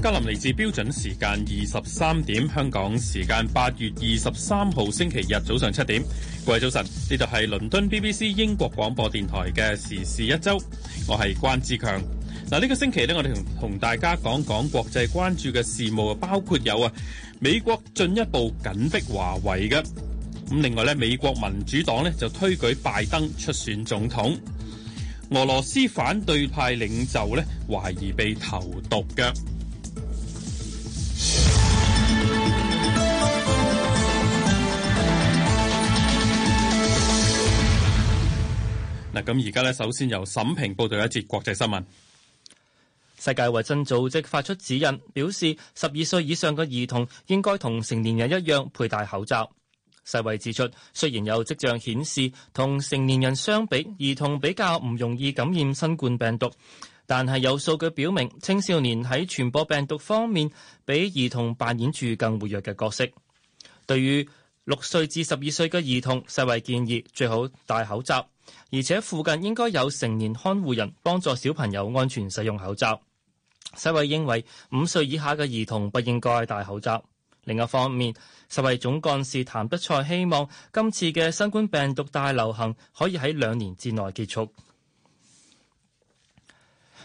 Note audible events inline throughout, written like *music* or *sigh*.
格林尼治標準時間二十三點，香港時間八月二十三號星期日早上七點。各位早晨，呢度係倫敦 BBC 英國廣播電台嘅時事一周。我係關志強嗱。呢、啊這個星期呢，我哋同同大家講講國際關注嘅事務啊，包括有啊，美國進一步緊迫華為嘅，咁，另外咧，美國民主黨呢就推舉拜登出選總統。俄羅斯反對派領袖呢懷疑被投毒嘅。咁而家咧，首先由沈平報道一節國際新聞。世界衛生組織發出指引，表示十二歲以上嘅兒童應該同成年人一樣佩戴口罩。世衛指出，雖然有跡象顯示同成年人相比，兒童比較唔容易感染新冠病毒，但係有數據表明，青少年喺傳播病毒方面比兒童扮演住更活躍嘅角色。對於六歲至十二歲嘅兒童，世衛建議最好戴口罩。而且附近應該有成年看護人幫助小朋友安全使用口罩。世衛認為五歲以下嘅兒童不應該戴口罩。另一方面，世衛總幹事譚德塞希望今次嘅新冠病毒大流行可以喺兩年之內結束。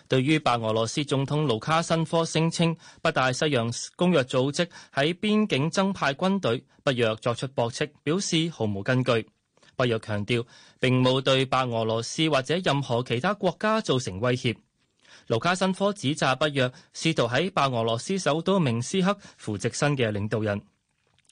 對於白俄羅斯總統盧卡申科聲稱北大西洋公約組織喺邊境增派軍隊，北約作出駁斥，表示毫無根據。北約強調並冇對白俄羅斯或者任何其他國家造成威脅。盧卡申科指責北約試圖喺白俄羅斯首都明斯克扶植新嘅領導人。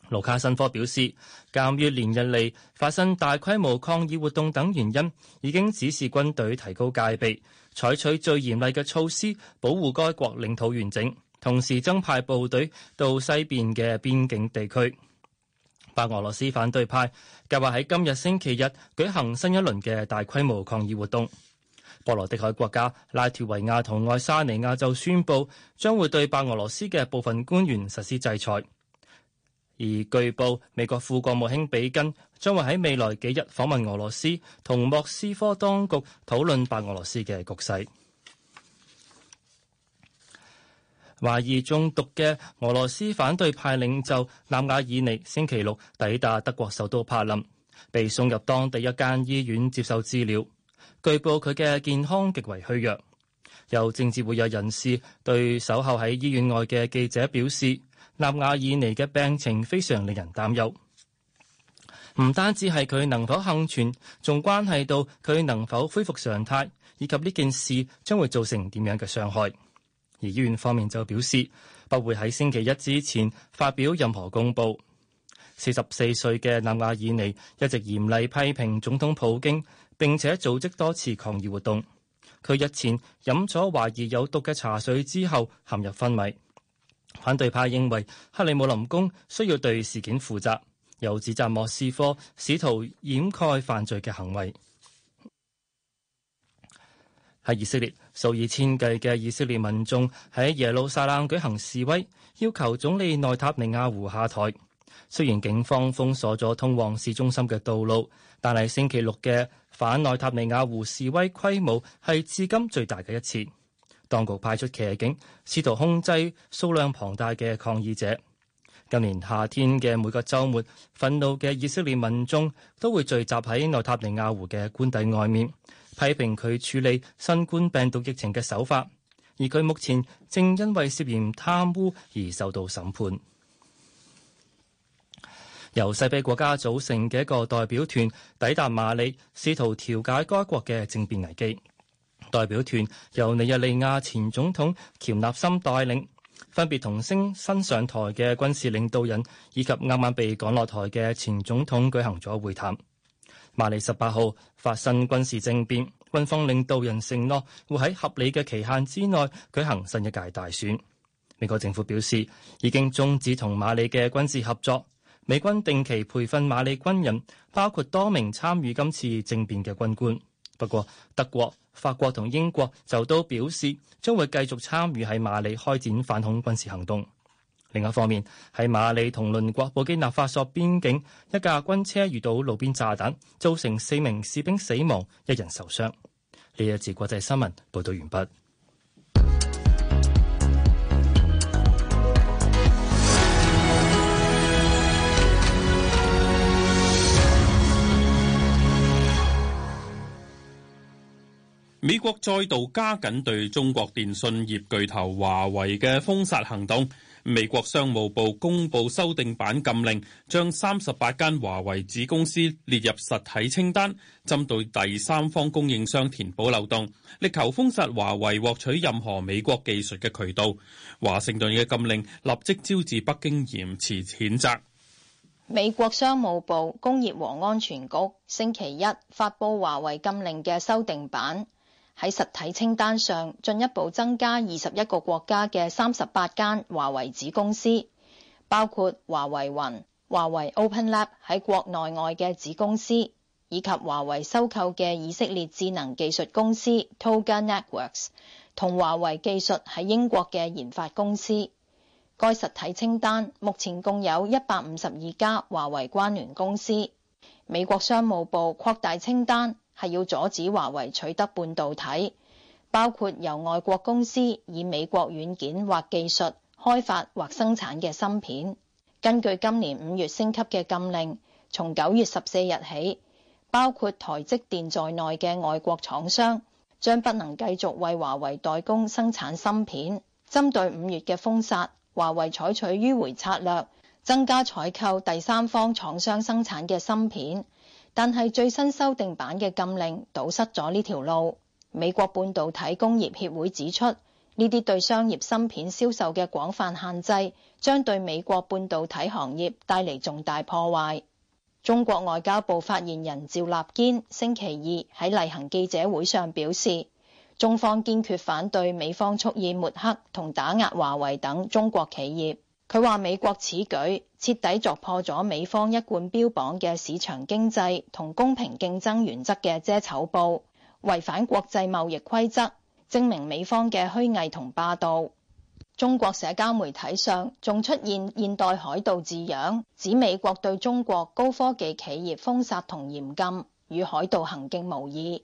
盧卡申科表示，鑑於連日嚟發生大規模抗議活動等原因，已經指示軍隊提高戒備，採取最嚴厲嘅措施保護該國領土完整，同時增派部隊到西邊嘅邊境地區。白俄羅斯反對派計劃喺今日星期日舉行新一輪嘅大規模抗議活動。波羅的海國家拉脱維亞同愛沙尼亞就宣布將會對白俄羅斯嘅部分官員實施制裁。而據報，美國副國務卿比根將會喺未來幾日訪問俄羅斯，同莫斯科當局討論白俄羅斯嘅局勢。懷疑中毒嘅俄羅斯反對派領袖納瓦爾尼星期六抵達德國首都柏林，被送入當地一間醫院接受治療。據報佢嘅健康極為虛弱。有政治活躍人士對守候喺醫院外嘅記者表示，納瓦爾尼嘅病情非常令人擔憂。唔單止係佢能否幸存，仲關係到佢能否恢復常態，以及呢件事將會造成點樣嘅傷害。而醫院方面就表示不會喺星期一之前發表任何公佈。四十四歲嘅納瓦爾尼，尼一直嚴厲批評總統普京，並且組織多次抗議活動。佢日前飲咗懷疑有毒嘅茶水之後陷入昏迷。反對派認為克里姆林宮需要對事件負責，又指責莫斯科試圖掩蓋犯罪嘅行為。喺以色列。數以千計嘅以色列民眾喺耶路撒冷舉行示威，要求總理內塔尼亞胡下台。雖然警方封鎖咗通往市中心嘅道路，但係星期六嘅反內塔尼亞胡示威規模係至今最大嘅一次。當局派出騎警，試圖控制數量龐大嘅抗議者。今年夏天嘅每個週末，憤怒嘅以色列民眾都會聚集喺內塔尼亞胡嘅官邸外面。批評佢處理新冠病毒疫情嘅手法，而佢目前正因為涉嫌貪污而受到審判。由西非國家組成嘅一個代表團抵達馬里，試圖調解該國嘅政變危機。代表團由尼日利亞前總統喬納森帶領，分別同升新上台嘅軍事領導人，以及啱啱被趕落台嘅前總統舉行咗會談。馬里十八號發生軍事政變，軍方領導人承諾會喺合理嘅期限之內舉行新一屆大選。美國政府表示已經終止同馬里嘅軍事合作，美軍定期培訓馬里軍人，包括多名參與今次政變嘅軍官。不過，德國、法國同英國就都表示將會繼續參與喺馬里開展反恐軍事行動。另一方面，喺馬里同鄰國布基納法索邊境，一架軍車遇到路邊炸彈，造成四名士兵死亡，一人受傷。呢一節國際新聞報道完畢。美國再度加緊對中國電信業巨頭華為嘅封殺行動。美國商務部公布修訂版禁令，將三十八間華為子公司列入實體清單，針對第三方供應商填補漏洞，力求封殺華為獲取任何美國技術嘅渠道。華盛頓嘅禁令立即招致北京嚴詞譴責。美國商務部工業和安全局星期一發佈華為禁令嘅修訂版。喺實體清單上進一步增加二十一個國家嘅三十八間華為子公司，包括華為雲、華為 OpenLab 喺國內外嘅子公司，以及華為收購嘅以色列智能技術公司 Toga Networks 同華為技術喺英國嘅研發公司。該實體清單目前共有一百五十二家華為關聯公司。美國商務部擴大清單。係要阻止華為取得半導體，包括由外國公司以美國軟件或技術開發或生產嘅芯片。根據今年五月升級嘅禁令，從九月十四日起，包括台積電在內嘅外國廠商將不能繼續為華為代工生產芯片。針對五月嘅封殺，華為採取迂迴策略，增加採購第三方廠商生產嘅芯片。但係最新修訂版嘅禁令堵塞咗呢條路。美國半導體工業協會指出，呢啲對商業芯片銷售嘅廣泛限制，將對美國半導體行業帶嚟重大破壞。中國外交部發言人趙立堅星期二喺例行記者會上表示，中方堅決反對美方蓄意抹黑同打壓華為等中國企業。佢話：美國此舉徹底鑿破咗美方一貫標榜嘅市場經濟同公平競爭原則嘅遮醜布，違反國際貿易規則，證明美方嘅虛偽同霸道。中國社交媒體上仲出現現代海盜字樣，指美國對中國高科技企業封殺同嚴禁，與海盜行徑無異。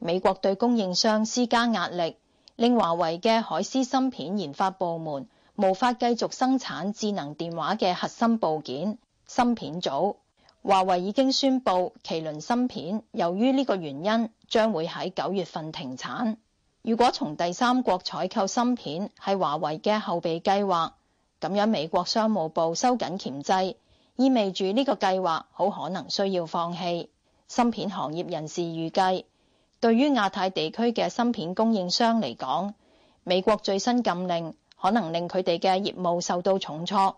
美國對供應商施加壓力，令華為嘅海思芯片研發部門。無法繼續生產智能電話嘅核心部件芯片組。華為已經宣布，麒麟芯片由於呢個原因將會喺九月份停產。如果從第三國採購芯片係華為嘅後備計劃，咁樣美國商務部收緊鉗制，意味住呢個計劃好可能需要放棄。芯片行業人士預計，對於亞太地區嘅芯片供應商嚟講，美國最新禁令。可能令佢哋嘅業務受到重挫，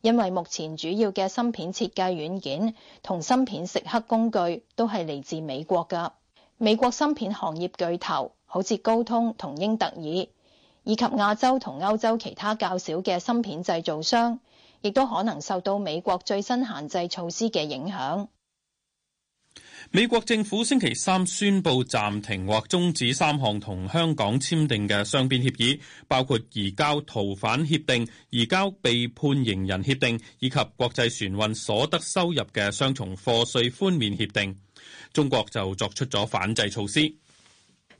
因為目前主要嘅芯片設計軟件同芯片蝕刻工具都係嚟自美國噶。美國芯片行業巨頭好似高通同英特爾以及亞洲同歐洲其他較少嘅芯片製造商，亦都可能受到美國最新限制措施嘅影響。美國政府星期三宣布暫停或終止三項同香港簽訂嘅雙邊協議，包括移交逃犯協定、移交被判刑人協定以及國際船運所得收入嘅雙重課稅寬免協定。中國就作出咗反制措施。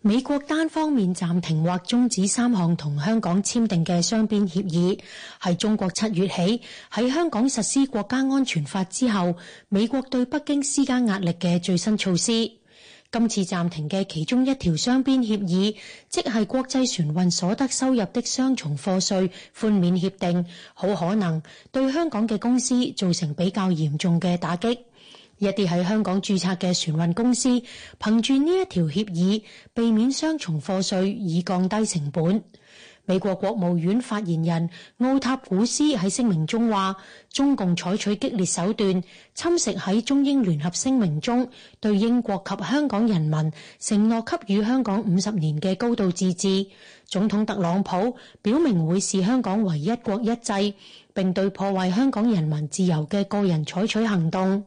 美國單方面暫停或終止三項同香港簽訂嘅雙邊協議，係中國七月起喺香港實施國家安全法之後，美國對北京施加壓力嘅最新措施。今次暫停嘅其中一條雙邊協議，即係國際船運所得收入的雙重課稅寬免協定，好可能對香港嘅公司造成比較嚴重嘅打擊。一啲喺香港註冊嘅船運公司，憑住呢一條協議，避免雙重課稅，以降低成本。美國國務院發言人奧塔古斯喺聲明中話：中共採取激烈手段侵蝕，喺中英聯合聲明中對英國及香港人民承諾給予香港五十年嘅高度自治。總統特朗普表明會視香港為一國一制，並對破壞香港人民自由嘅個人採取行動。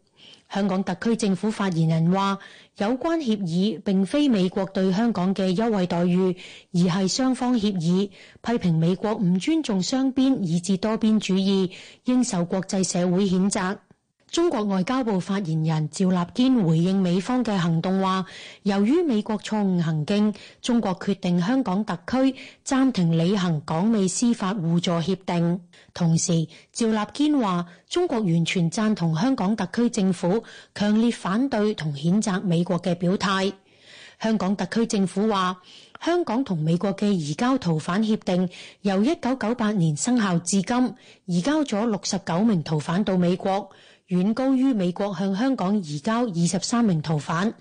香港特區政府發言人話：有關協議並非美國對香港嘅優惠待遇，而係雙方協議。批評美國唔尊重雙邊以至多邊主義，應受國際社會譴責。中國外交部發言人趙立堅回應美方嘅行動話，由於美國錯誤行徑，中國決定香港特區暫停履行港美司法互助協定。同時，趙立堅話，中國完全讚同香港特區政府強烈反對同譴責美國嘅表態。香港特區政府話，香港同美國嘅移交逃犯協定由一九九八年生效至今，移交咗六十九名逃犯到美國。遠高於美國向香港移交二十三名逃犯。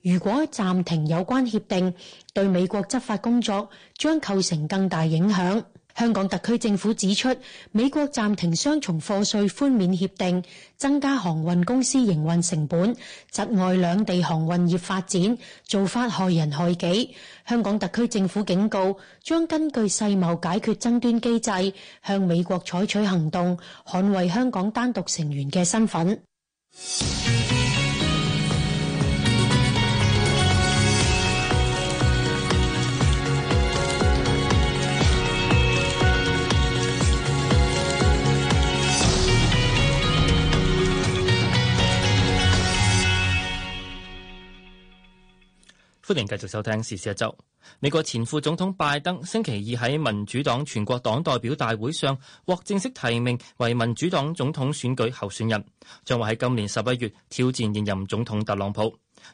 如果暫停有關協定，對美國執法工作將構成更大影響。香港特區政府指出，美國暫停雙重課稅寬免協定，增加航運公司營運成本，窒礙兩地航運業發展，做法害人害己。香港特區政府警告，將根據世貿解決爭端機制，向美國採取行動，捍衛香港單獨成員嘅身份。歡迎繼續收聽時事一周。美國前副總統拜登星期二喺民主黨全國黨代表大會上獲正式提名為民主黨總統選舉候選人，將會喺今年十一月挑戰現任總統特朗普。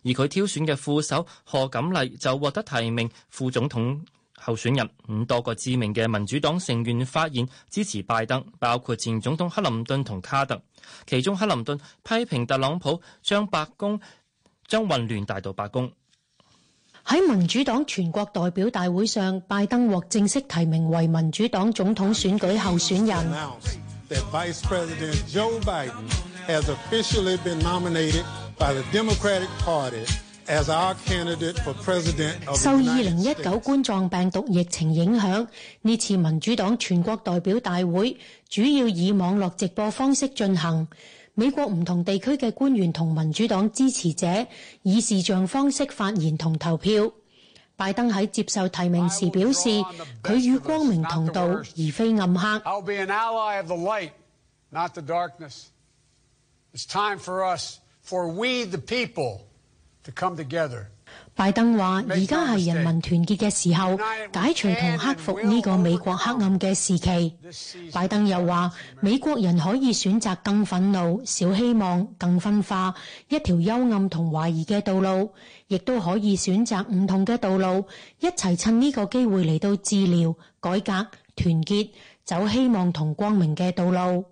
而佢挑選嘅副手賀錦麗就獲得提名副總統候選人。五多個知名嘅民主黨成員發言支持拜登，包括前總統克林頓同卡特。其中克林頓批評特朗普將白宮將混亂帶到白宮。喺民主黨全國代表大會上，拜登獲正式提名為民主黨總統選舉候選人。Vice President Joe Biden has officially been nominated by the Democratic Party as our candidate for President. 受二零一九冠狀病毒疫情影響，呢次民主黨全國代表大會主要以網絡直播方式進行。美國唔同地區嘅官員同民主黨支持者以視像方式發言同投票。拜登喺接受提名時表示，佢與光明同道，the 而非暗黑。I will be an ally of the light, not the darkness. It's time for us, for we the people to come together. 拜登話：而家係人民團結嘅時候，解除同克服呢個美國黑暗嘅時期。拜登又話：美國人可以選擇更憤怒、少希望、更分化，一條幽暗同懷疑嘅道路，亦都可以選擇唔同嘅道路，一齊趁呢個機會嚟到治療、改革、團結，走希望同光明嘅道路。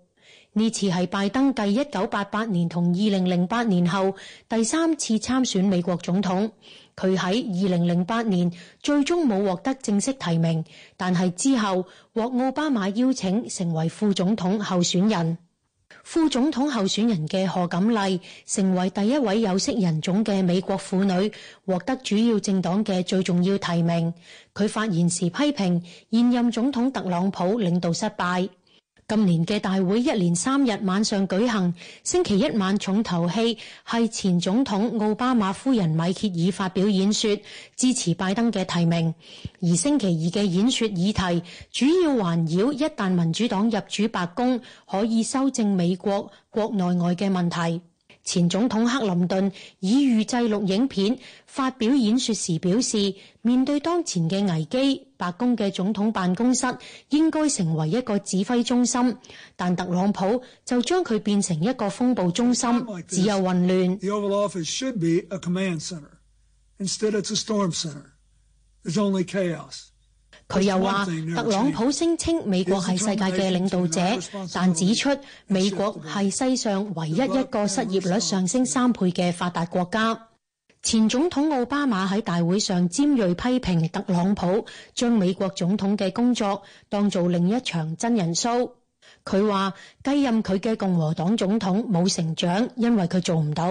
呢次係拜登繼一九八八年同二零零八年後第三次參選美國總統。佢喺二零零八年最終冇獲得正式提名，但係之後獲奧巴馬邀請成為副總統候選人。副總統候選人嘅賀錦麗成為第一位有色人種嘅美國婦女獲得主要政黨嘅最重要提名。佢發言時批評現任總統特朗普領導失敗。今年嘅大會一連三日晚上舉行，星期一晚重頭戲係前總統奧巴馬夫人米歇爾發表演說，支持拜登嘅提名。而星期二嘅演說議題主要環繞一旦民主黨入主白宮，可以修正美國國內外嘅問題。前總統克林頓以預製錄影片發表演說時表示，面對當前嘅危機，白宮嘅總統辦公室應該成為一個指揮中心，但特朗普就將佢變成一個風暴中心，只有混亂。The 佢又話：特朗普聲稱美國係世界嘅領導者，但指出美國係世上唯一一個失業率上升三倍嘅發達國家。前總統奧巴馬喺大會上尖銳批評特朗普將美國總統嘅工作當做另一場真人 show。佢話：繼任佢嘅共和黨總統冇成長，因為佢做唔到。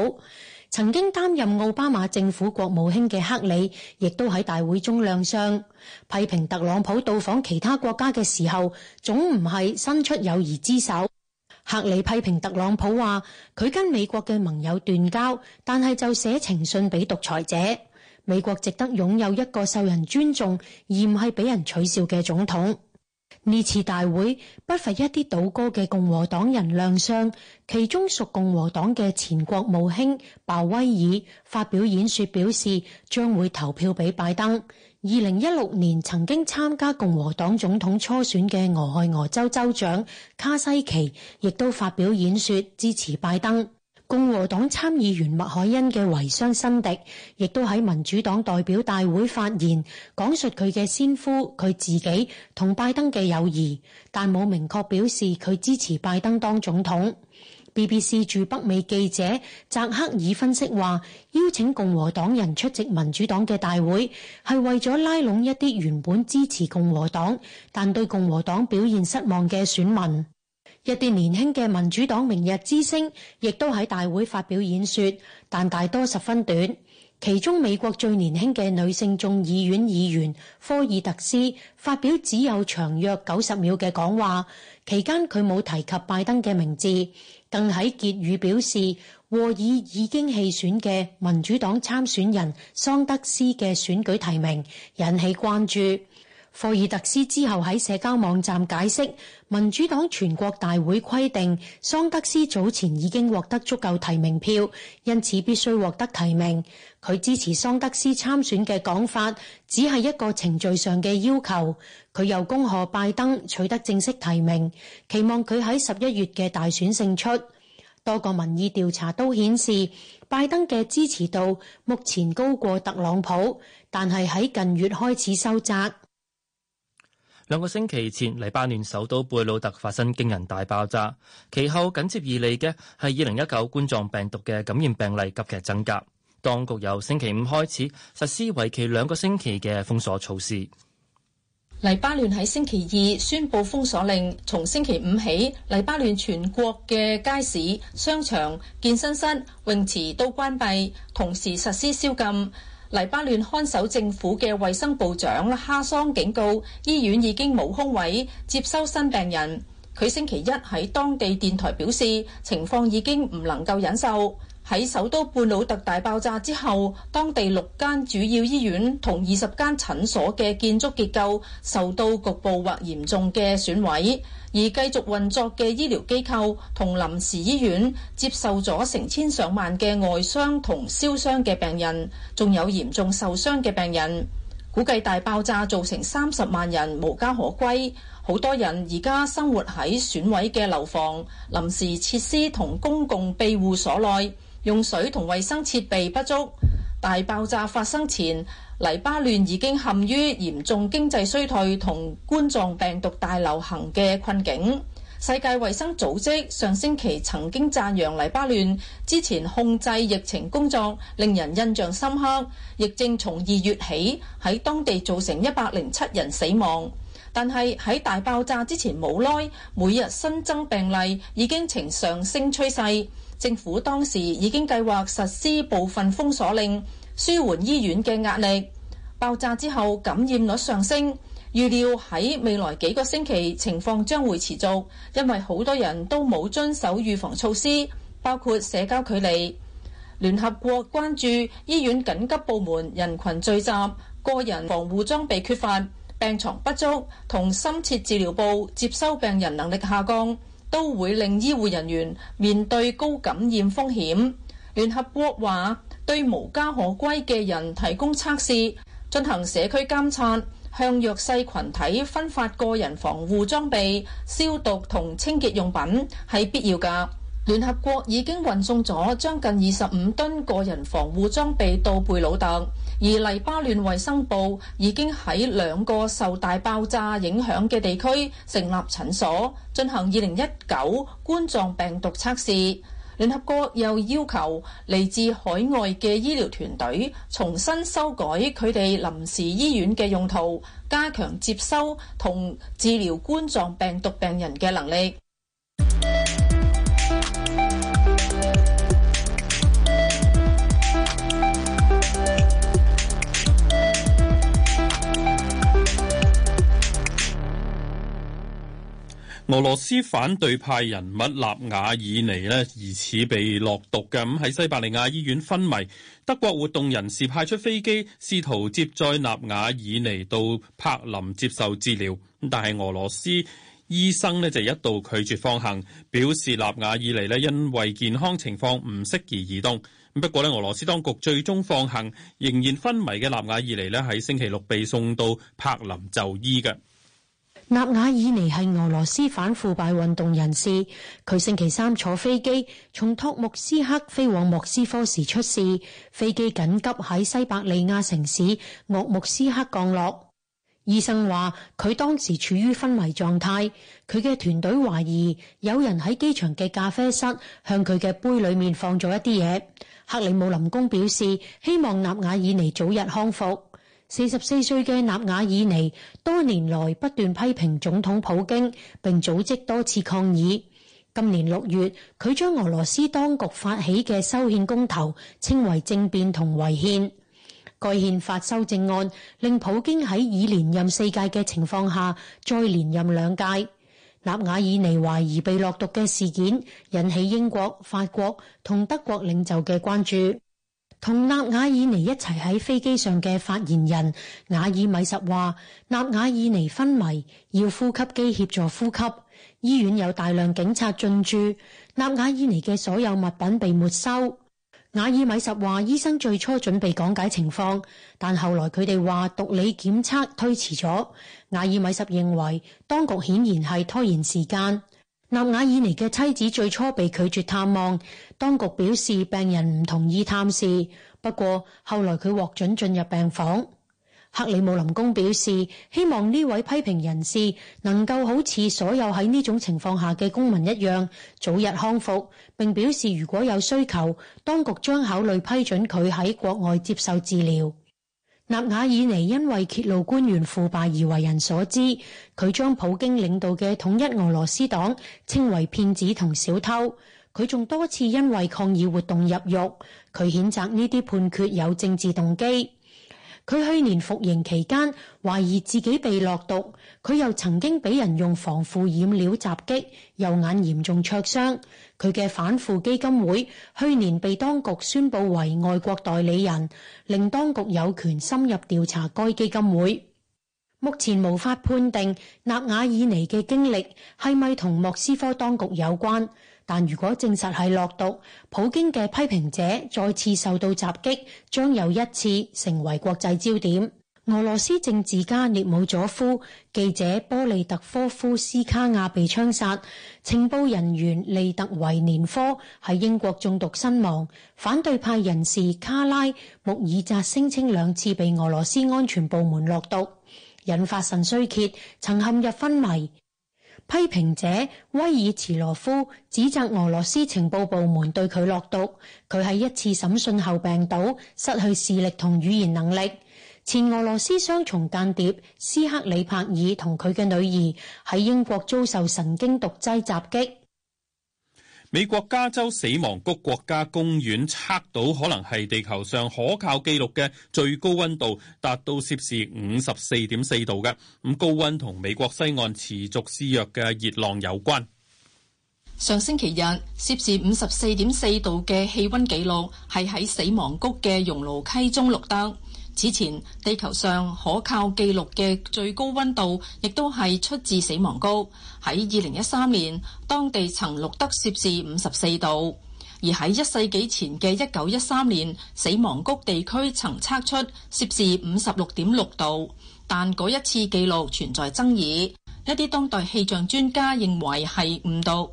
曾經擔任奧巴馬政府國務卿嘅克里，亦都喺大會中亮相，批評特朗普到訪其他國家嘅時候，總唔係伸出友誼之手。克里批評特朗普話，佢跟美國嘅盟友斷交，但係就寫情信俾獨裁者。美國值得擁有一個受人尊重，而唔係俾人取笑嘅總統。呢次大會不乏一啲倒戈嘅共和黨人亮相，其中屬共和黨嘅前國務卿鮑威爾發表演說，表示將會投票俾拜登。二零一六年曾經參加共和黨總統初選嘅俄亥俄州州長卡西奇，亦都發表演說支持拜登。共和黨參議員麥凱恩嘅遺孀新迪，亦都喺民主黨代表大會發言，講述佢嘅先夫、佢自己同拜登嘅友誼，但冇明確表示佢支持拜登當總統。BBC 駐北美記者澤克爾分析話，邀請共和黨人出席民主黨嘅大會，係為咗拉攏一啲原本支持共和黨，但對共和黨表現失望嘅選民。一啲年輕嘅民主黨明日之星，亦都喺大會發表演說，但大多十分短。其中美國最年輕嘅女性眾議院議員科爾特斯發表只有長約九十秒嘅講話，期間佢冇提及拜登嘅名字，更喺結語表示和議已經棄選嘅民主黨參選人桑德斯嘅選舉提名引起關注。霍爾特斯之後喺社交網站解釋，民主黨全國大會規定，桑德斯早前已經獲得足夠提名票，因此必須獲得提名。佢支持桑德斯參選嘅講法，只係一個程序上嘅要求。佢又恭賀拜登取得正式提名，期望佢喺十一月嘅大選勝出。多個民意調查都顯示，拜登嘅支持度目前高過特朗普，但係喺近月開始收窄。兩個星期前，黎巴嫩首都貝魯特發生驚人大爆炸，其後緊接而嚟嘅係二零一九冠狀病毒嘅感染病例急劇增加。當局由星期五開始實施為期兩個星期嘅封鎖措施。黎巴嫩喺星期二宣布封鎖令，從星期五起，黎巴嫩全國嘅街市、商場、健身室、泳池都關閉，同時實施宵禁。黎巴嫩看守政府嘅衛生部長哈桑警告，醫院已經冇空位，接收新病人。佢星期一喺當地電台表示，情況已經唔能夠忍受。喺首都貝魯特大爆炸之後，當地六間主要醫院同二十間診所嘅建築結構受到局部或嚴重嘅損毀，而繼續運作嘅醫療機構同臨時醫院接受咗成千上萬嘅外傷同燒傷嘅病人，仲有嚴重受傷嘅病人。估計大爆炸造成三十萬人無家可歸，好多人而家生活喺損毀嘅樓房、臨時設施同公共庇護所內。用水同衛生設備不足，大爆炸發生前，黎巴嫩已經陷於嚴重經濟衰退同冠狀病毒大流行嘅困境。世界衛生組織上星期曾經讚揚黎巴嫩之前控制疫情工作令人印象深刻，疫症從二月起喺當地造成一百零七人死亡。但係喺大爆炸之前冇耐，每日新增病例已經呈上升趨勢。政府當時已經計劃實施部分封鎖令，舒緩醫院嘅壓力。爆炸之後，感染率上升，預料喺未來幾個星期情況將會持續，因為好多人都冇遵守預防措施，包括社交距離。聯合國關注醫院緊急部門人群聚集、個人防護裝備缺乏、病床不足同深切治療部接收病人能力下降。都會令醫護人員面對高感染風險。聯合國話，對無家可歸嘅人提供測試、進行社區監察，向弱勢群體分發個人防護裝備、消毒同清潔用品係必要㗎。聯合國已經運送咗將近二十五噸個人防護裝備到貝魯特。而黎巴嫩衞生部已經喺兩個受大爆炸影響嘅地區成立診所，進行二零一九冠狀病毒測試。聯合國又要求嚟自海外嘅醫療團隊重新修改佢哋臨時醫院嘅用途，加強接收同治療冠狀病毒病人嘅能力。俄羅斯反對派人物納瓦爾尼咧疑似被落毒嘅，咁喺西伯利亞醫院昏迷。德國活動人士派出飛機，試圖接載納瓦爾尼到柏林接受治療，但係俄羅斯醫生咧就一度拒絕放行，表示納瓦爾尼咧因為健康情況唔適宜移動。不過咧，俄羅斯當局最終放行，仍然昏迷嘅納瓦爾尼咧喺星期六被送到柏林就醫嘅。納瓦爾尼係俄羅斯反腐敗運動人士，佢星期三坐飛機從托木斯克飛往莫斯科時出事，飛機緊急喺西伯利亞城市鄂木斯克降落。醫生話佢當時處於昏迷狀態，佢嘅團隊懷疑有人喺機場嘅咖啡室向佢嘅杯裏面放咗一啲嘢。克里姆林宮表示希望納瓦爾尼早日康復。四十四歲嘅納瓦爾尼多年來不斷批評總統普京，並組織多次抗議。今年六月，佢將俄羅斯當局發起嘅修憲公投稱為政變同違憲。該憲法修正案令普京喺已連任四屆嘅情況下再連任兩屆。納瓦爾尼懷疑被落毒嘅事件引起英國、法國同德國領袖嘅關注。同納瓦爾尼一齊喺飛機上嘅發言人瓦爾米什話：納瓦爾尼昏迷，要呼吸機協助呼吸。醫院有大量警察進駐，納瓦爾尼嘅所有物品被沒收。瓦爾米什話：醫生最初準備講解情況，但後來佢哋話毒理檢測推遲咗。瓦爾米什認為當局顯然係拖延時間。納瓦爾尼嘅妻子最初被拒絕探望，當局表示病人唔同意探視。不過後來佢獲准進入病房。克里姆林宮表示希望呢位批評人士能夠好似所有喺呢種情況下嘅公民一樣早日康復，並表示如果有需求，當局將考慮批准佢喺國外接受治療。納瓦爾尼因為揭露官員腐敗而為人所知，佢將普京領導嘅統一俄羅斯黨稱為騙子同小偷，佢仲多次因為抗議活動入獄，佢譴責呢啲判決有政治動機。佢去年服刑期間，懷疑自己被落毒，佢又曾經俾人用防腐染料襲擊，右眼嚴重灼傷。佢嘅反腐基金會去年被當局宣布為外國代理人，令當局有權深入調查該基金會。目前無法判定納瓦爾尼嘅經歷係咪同莫斯科當局有關。但如果證實係落毒，普京嘅批評者再次受到襲擊，將又一次成為國際焦點。俄羅斯政治家涅姆佐夫、記者波利特科夫斯卡婭被槍殺，情報人員利特維年科喺英國中毒身亡，反對派人士卡拉穆爾扎聲稱兩次被俄羅斯安全部門落毒，引發腎衰竭，曾陷入昏迷。批評者威爾茨羅夫指責俄羅斯情報部門對佢落毒，佢喺一次審訊後病倒，失去視力同語言能力。前俄羅斯雙重間諜斯克里帕爾同佢嘅女兒喺英國遭受神經毒劑襲擊。美國加州死亡谷國家公園測到可能係地球上可靠紀錄嘅最高溫度，達到攝氏五十四點四度嘅咁高溫，同美國西岸持續肆虐嘅熱浪有關。上星期日攝氏五十四點四度嘅氣溫紀錄係喺死亡谷嘅熔爐溪中錄得。此前，地球上可靠記錄嘅最高溫度，亦都係出自死亡谷。喺二零一三年，當地曾錄得攝氏五十四度。而喺一世紀前嘅一九一三年，死亡谷地區曾測出攝氏五十六點六度，但嗰一次記錄存在爭議，一啲當代氣象專家認為係誤讀。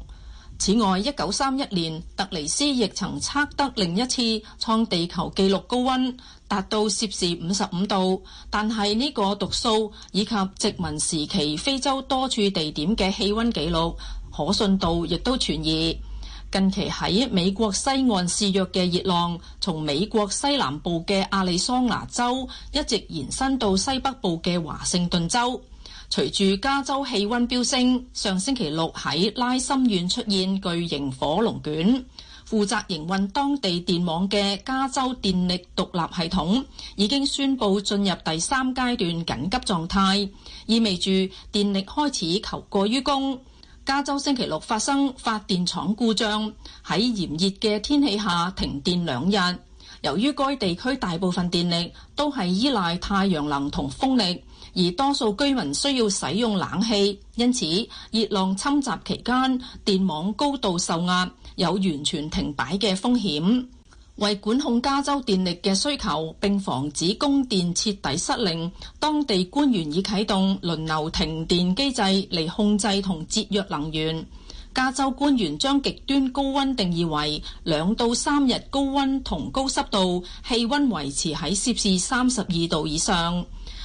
此外，一九三一年特尼斯亦曾測得另一次創地球紀錄高温，達到攝氏五十五度。但係呢個讀數以及殖民時期非洲多處地點嘅氣溫紀錄可信度亦都存疑。近期喺美國西岸肆虐嘅熱浪，從美國西南部嘅亞利桑拿州一直延伸到西北部嘅華盛頓州。隨住加州氣溫飆升，上星期六喺拉森縣出現巨型火龍卷。負責營運當地電網嘅加州電力獨立系統已經宣布進入第三階段緊急狀態，意味住電力開始求過於供。加州星期六發生發電廠故障，喺炎熱嘅天氣下停電兩日。由於該地區大部分電力都係依賴太陽能同風力。而多數居民需要使用冷氣，因此熱浪侵襲期間，電網高度受壓，有完全停擺嘅風險。為管控加州電力嘅需求，並防止供電徹底失靈，當地官員已啟動輪流停電機制嚟控制同節約能源。加州官員將極端高溫定義為兩到三日高溫同高濕度，氣溫維持喺攝氏三十二度以上。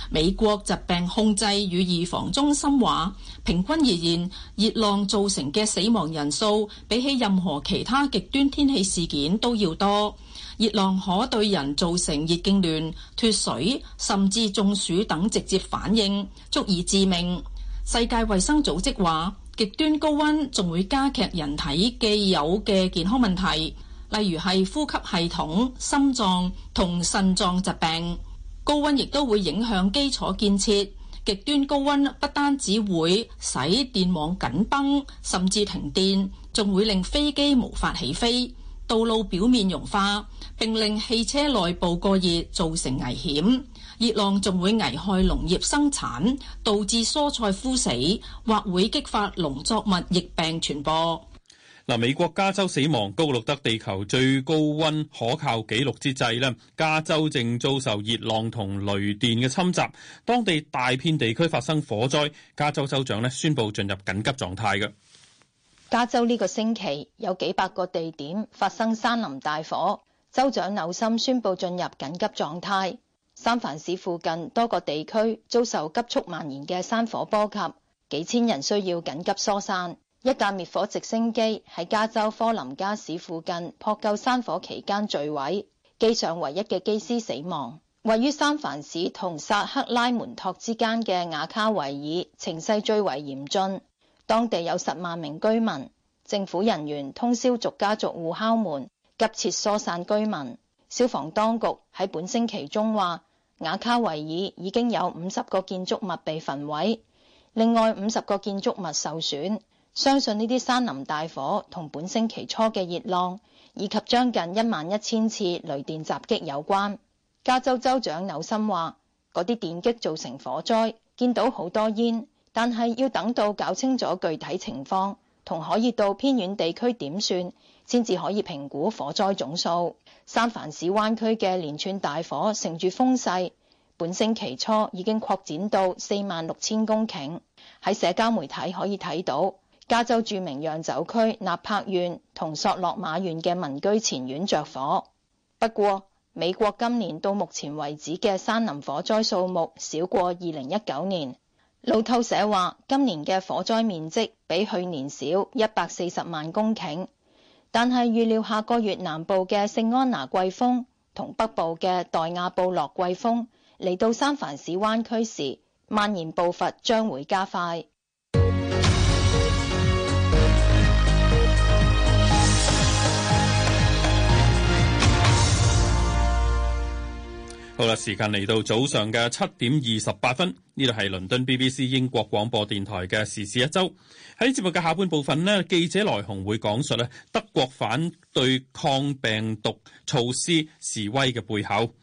美國疾病控制與預防中心話，平均而言，熱浪造成嘅死亡人數比起任何其他極端天氣事件都要多。熱浪可對人造成熱痙攣、脱水甚至中暑等直接反應，足以致命。世界衛生組織話，極端高温仲會加劇人體既有嘅健康問題，例如係呼吸系統、心臟同腎臟疾病。高溫亦都會影響基礎建設。極端高溫不單止會使電網緊繃，甚至停電，仲會令飛機無法起飛，道路表面融化，並令汽車內部過熱造成危險。熱浪仲會危害農業生產，導致蔬菜枯死，或會激發農作物疫病傳播。嗱，美國加州死亡高錄得地球最高温可靠紀錄之際咧，加州正遭受熱浪同雷電嘅侵襲當地大片地區發生火災，加州州長咧宣布進入緊急狀態嘅。加州呢個星期有幾百個地點發生山林大火，州長紐森宣布進入緊急狀態。三藩市附近多個地區遭受急速蔓延嘅山火波及，幾千人需要緊急疏散。一架滅火直升機喺加州科林加市附近撲救山火期間墜毀，機上唯一嘅機師死亡。位於三藩市同薩克拉門托之間嘅瓦卡維爾情勢最為嚴峻，當地有十萬名居民。政府人員通宵逐家逐戶敲門，急切疏散居民。消防當局喺本星期中話，瓦卡維爾已經有五十個建築物被焚毀，另外五十個建築物受損。相信呢啲山林大火同本星期初嘅熱浪以及將近一萬一千次雷電襲擊有關。加州州長紐森話嗰啲電擊造成火災，見到好多煙，但係要等到搞清楚具體情況同可以到偏遠地區點算，先至可以評估火災總數，三藩市灣區嘅連串大火乘住風勢，本星期初已經擴展到四萬六千公頃，喺社交媒體可以睇到。加州著名釀酒區納帕縣同索諾馬縣嘅民居前院着火，不過美國今年到目前為止嘅山林火災數目少過二零一九年。路透社話今年嘅火災面積比去年少一百四十萬公頃，但係預料下個月南部嘅聖安娜季風同北部嘅代亞布洛季風嚟到三藩市灣區時，蔓延步伐將會加快。好啦，時間嚟到早上嘅七點二十八分，呢度係倫敦 BBC 英國廣播電台嘅時事一周。喺節目嘅下半部分呢，記者來鴻會講述咧德國反對抗病毒措施示威嘅背後。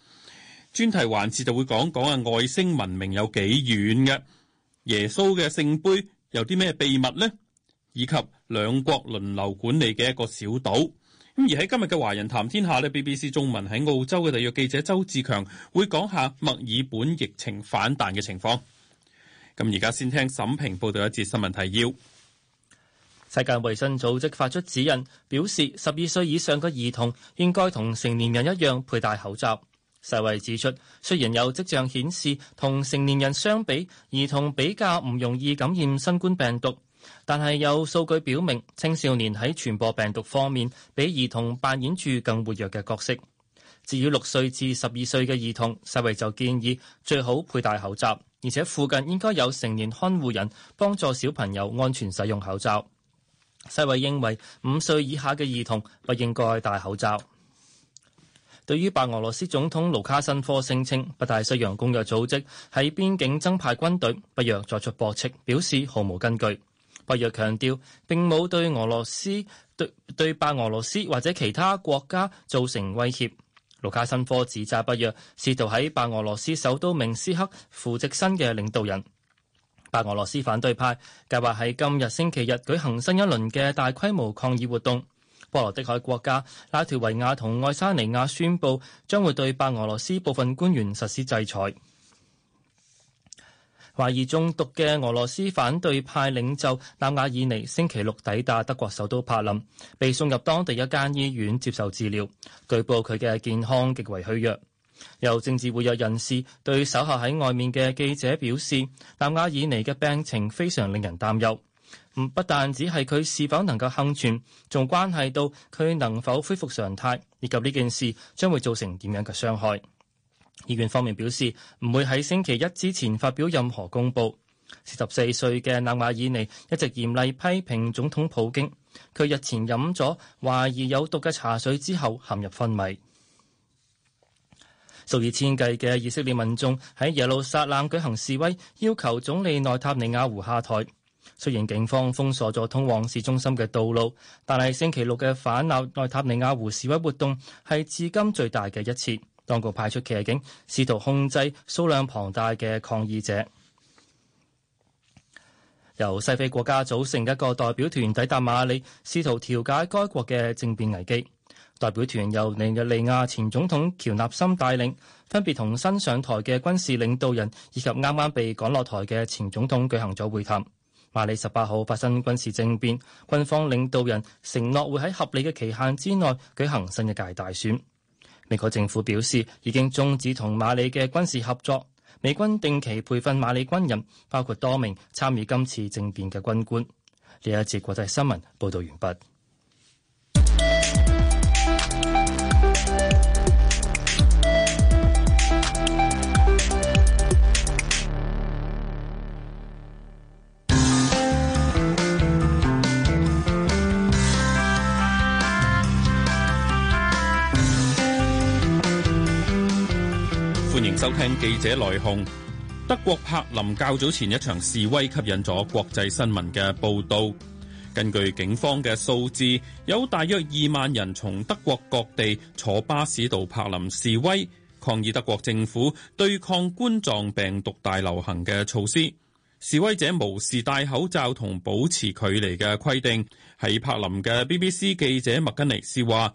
專題環節就會講講啊外星文明有幾遠嘅，耶穌嘅聖杯有啲咩秘密呢？以及兩國輪流管理嘅一個小島。咁而喺今日嘅《華人談天下》呢 BBC 中文喺澳洲嘅特約記者周志強會講下墨爾本疫情反彈嘅情況。咁而家先聽沈平報道一節新聞提要。世界衛生組織發出指引，表示十二歲以上嘅兒童應該同成年人一樣佩戴口罩。世衞指出，雖然有跡象顯示同成年人相比，兒童比較唔容易感染新冠病毒。但係有數據表明，青少年喺傳播病毒方面比兒童扮演住更活躍嘅角色。至於六歲至十二歲嘅兒童，世衛就建議最好佩戴口罩，而且附近應該有成年看護人幫助小朋友安全使用口罩。世衛認為五歲以下嘅兒童不應該戴口罩。對於白俄羅斯總統盧卡申科聲稱，北大西洋公約組織喺邊境增派軍隊，北約作出駁斥，表示毫無根據。北約強調並冇對俄羅斯對對白俄羅斯或者其他國家造成威脅。盧卡申科指責北約試圖喺白俄羅斯首都明斯克扶植新嘅領導人。白俄羅斯反對派計劃喺今日星期日舉行新一輪嘅大規模抗議活動。波羅的海國家拉脫維亞同愛沙尼亞宣布將會對白俄羅斯部分官員實施制裁。懷疑中毒嘅俄羅斯反對派領袖納瓦爾尼，尼星期六抵達德國首都柏林，被送入當地一間醫院接受治療。據報佢嘅健康極為虛弱。有政治活躍人士對守候喺外面嘅記者表示，納瓦爾尼嘅病情非常令人擔憂。不但只係佢是否能夠幸存，仲關係到佢能否恢復常態，以及呢件事將會造成點樣嘅傷害。醫院方面表示唔會喺星期一之前發表任何公佈。四十四歲嘅納瓦爾尼一直嚴厲批評總統普京。佢日前飲咗懷疑有毒嘅茶水之後陷入昏迷。數以千計嘅以色列民眾喺耶路撒冷舉行示威，要求總理內塔尼亞胡下台。雖然警方封鎖咗通往市中心嘅道路，但係星期六嘅反納內塔尼亞胡示威活動係至今最大嘅一次。當局派出騎警試圖控制數量龐大嘅抗議者。由西非國家組成一個代表團抵達馬里，試圖調解該國嘅政變危機。代表團由尼日利亞前總統喬納森帶領，分別同新上台嘅軍事領導人以及啱啱被趕落台嘅前總統舉行咗會談。馬里十八號發生軍事政變，軍方領導人承諾會喺合理嘅期限之內舉行新一屆大選。美國政府表示已經中止同馬里嘅軍事合作，美軍定期培訓馬里軍人，包括多名參與今次政變嘅軍官。呢一節國際新聞報道完畢。收聽記者來鴻。德國柏林較早前一場示威吸引咗國際新聞嘅報道。根據警方嘅數字，有大約二萬人從德國各地坐巴士到柏林示威，抗議德國政府對抗冠狀病毒大流行嘅措施。示威者無視戴口罩同保持距離嘅規定。喺柏林嘅 BBC 記者麥根尼斯話。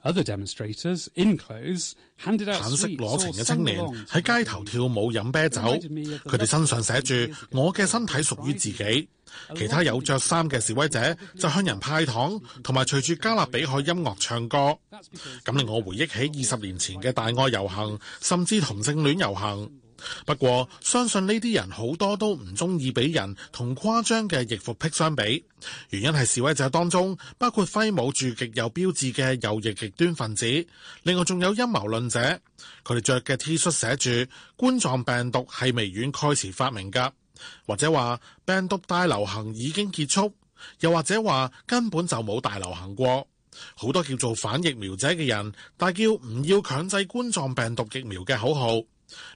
橙色裸情嘅青年喺街頭跳舞飲啤酒，佢哋身上寫住我嘅身體屬於自己。其他有着衫嘅示威者就向人派糖，同埋隨住加勒比海音樂唱歌，咁令我回憶起二十年前嘅大愛遊行，甚至同性戀遊行。不過，相信呢啲人好多都唔中意俾人同誇張嘅疫服癖相比，原因係示威者當中包括揮舞住極右標誌嘅右翼極端分子，另外仲有陰謀論者，佢哋着嘅 T 恤寫住冠狀病毒係微軟蓋茨發明噶，或者話病毒大流行已經結束，又或者話根本就冇大流行過，好多叫做反疫苗者嘅人大叫唔要強制冠狀病毒疫苗嘅口號。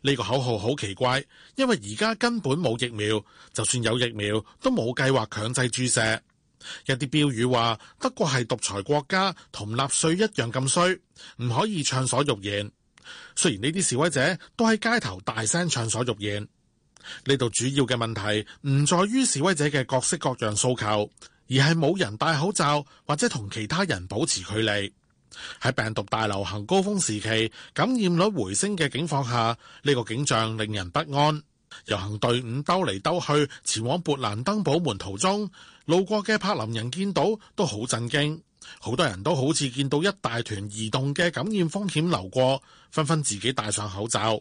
呢個口號好奇怪，因為而家根本冇疫苗，就算有疫苗都冇計劃強制注射。有啲標語話德國係獨裁國家，同納粹一樣咁衰，唔可以暢所欲言。雖然呢啲示威者都喺街頭大聲暢所欲言，呢度主要嘅問題唔在於示威者嘅各式各樣訴求，而係冇人戴口罩或者同其他人保持距離。喺病毒大流行高峰時期，感染率回升嘅境況下，呢、這個景象令人不安。遊行隊伍兜嚟兜去，前往勃蘭登堡門途中，路過嘅柏林人見到都好震驚。好多人都好似見到一大團移動嘅感染風險流過，紛紛自己戴上口罩。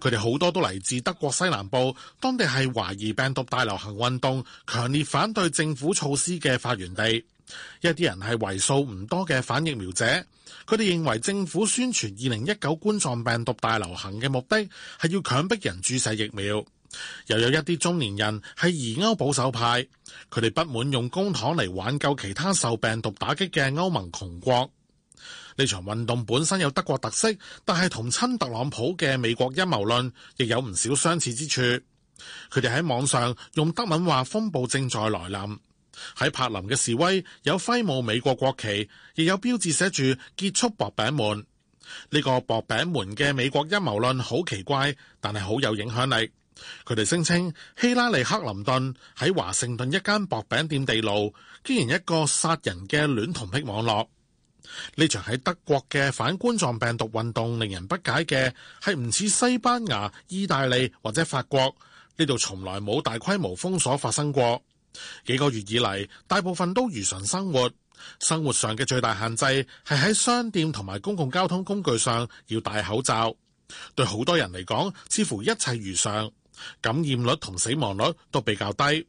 佢哋好多都嚟自德國西南部，當地係懷疑病毒大流行運動、強烈反對政府措施嘅發源地。一啲人係為數唔多嘅反疫苗者，佢哋認為政府宣傳二零一九冠狀病毒大流行嘅目的係要強迫人注射疫苗。又有一啲中年人係疑歐保守派，佢哋不滿用公帑嚟挽救其他受病毒打擊嘅歐盟窮國。呢場運動本身有德國特色，但係同親特朗普嘅美國陰謀論亦有唔少相似之處。佢哋喺網上用德文話風暴正在來臨。喺柏林嘅示威有揮舞美國國旗，亦有標誌寫住結束薄餅門。呢、這個薄餅門嘅美國陰謀論好奇怪，但係好有影響力。佢哋聲稱希拉里克林頓喺華盛頓一間薄餅店地牢，經營一個殺人嘅戀童癖網絡。呢場喺德國嘅反冠狀病毒運動令人不解嘅係唔似西班牙、意大利或者法國。呢度從來冇大規模封鎖發生過。幾個月以嚟，大部分都如常生活，生活上嘅最大限制係喺商店同埋公共交通工具上要戴口罩。對好多人嚟講，似乎一切如常，感染率同死亡率都比較低。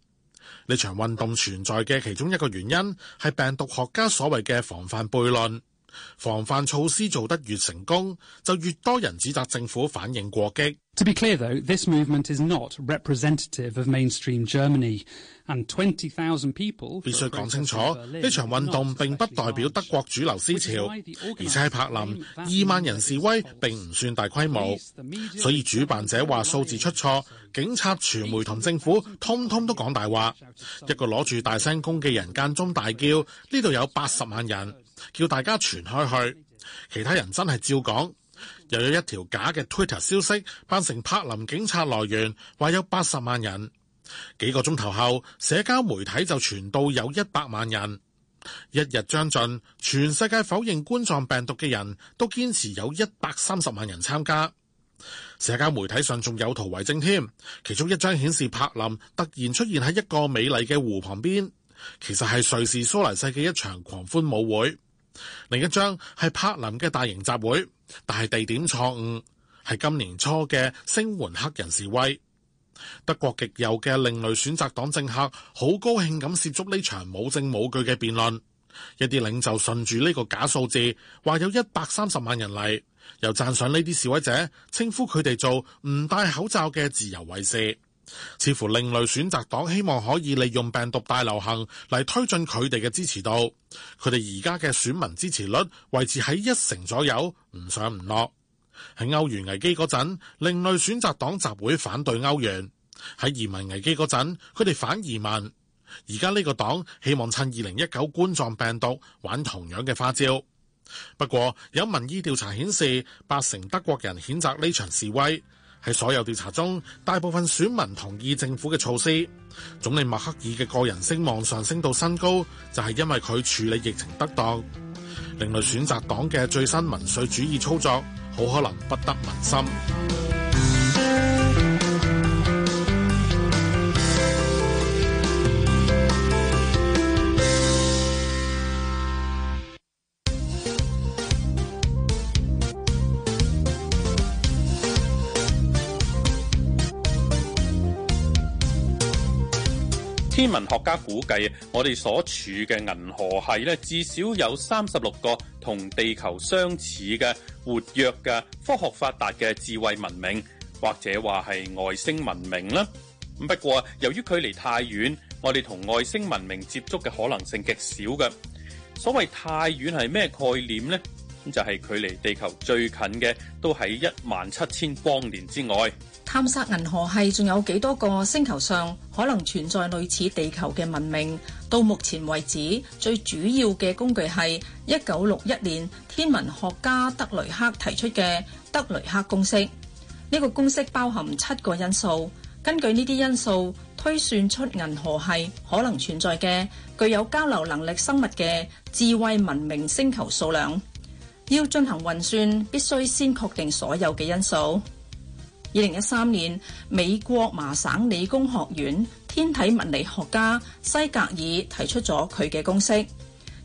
呢場運動存在嘅其中一個原因，係病毒學家所謂嘅防範悖論。防範措施做得越成功，就越多人指責政府反應過激。必須講清楚，呢 *music* 場運動並不代表德國主流思潮，而且喺柏林二 *music* 萬人示威，並唔算大規模。所以主辦者話數字出錯，警察、傳媒同政府通通都講大話。 *music* 一個攞住大聲公嘅人間中大叫：呢度有八十萬人。叫大家傳開去，其他人真係照講。又有一條假嘅 Twitter 消息扮成柏林警察來源，話有八十萬人。幾個鐘頭後，社交媒體就傳到有一百萬人。一日將盡，全世界否認冠狀病毒嘅人都堅持有一百三十萬人參加。社交媒體上仲有圖為證添，其中一張顯示柏林突然出現喺一個美麗嘅湖旁邊，其實係瑞士蘇黎世嘅一場狂歡舞會。另一張係柏林嘅大型集會，但係地點錯誤，係今年初嘅聲援黑人示威。德國極右嘅另類選擇黨政客好高興咁涉足呢場冇證冇據嘅辯論，一啲領袖順住呢個假數字話有一百三十萬人嚟，又讚賞呢啲示威者，稱呼佢哋做唔戴口罩嘅自由衛士。似乎另類選擇黨希望可以利用病毒大流行嚟推進佢哋嘅支持度，佢哋而家嘅選民支持率維持喺一成左右，唔上唔落。喺歐元危機嗰陣，另類選擇黨集會反對歐元；喺移民危機嗰陣，佢哋反移民。而家呢個黨希望趁二零一九冠狀病毒玩同樣嘅花招。不過，有民意調查顯示，八成德國人譴責呢場示威。喺所有調查中，大部分選民同意政府嘅措施。總理默克爾嘅個人聲望上升到新高，就係、是、因為佢處理疫情得當。另類選擇黨嘅最新民粹主義操作，好可能不得民心。天文學家估計我哋所處嘅銀河系咧，至少有三十六個同地球相似嘅活躍嘅科學發達嘅智慧文明，或者話係外星文明啦。不過由於距離太遠，我哋同外星文明接觸嘅可能性極少嘅。所謂太遠係咩概念呢？咁就係距離地球最近嘅，都喺一萬七千光年之外。探索銀河系仲有幾多個星球上可能存在類似地球嘅文明？到目前為止，最主要嘅工具係一九六一年天文學家德雷克提出嘅德雷克公式。呢個公式包含七個因素，根據呢啲因素推算出銀河系可能存在嘅具有交流能力生物嘅智慧文明星球數量。要進行運算，必須先確定所有嘅因素。二零一三年，美國麻省理工學院天體物理學家西格爾提出咗佢嘅公式，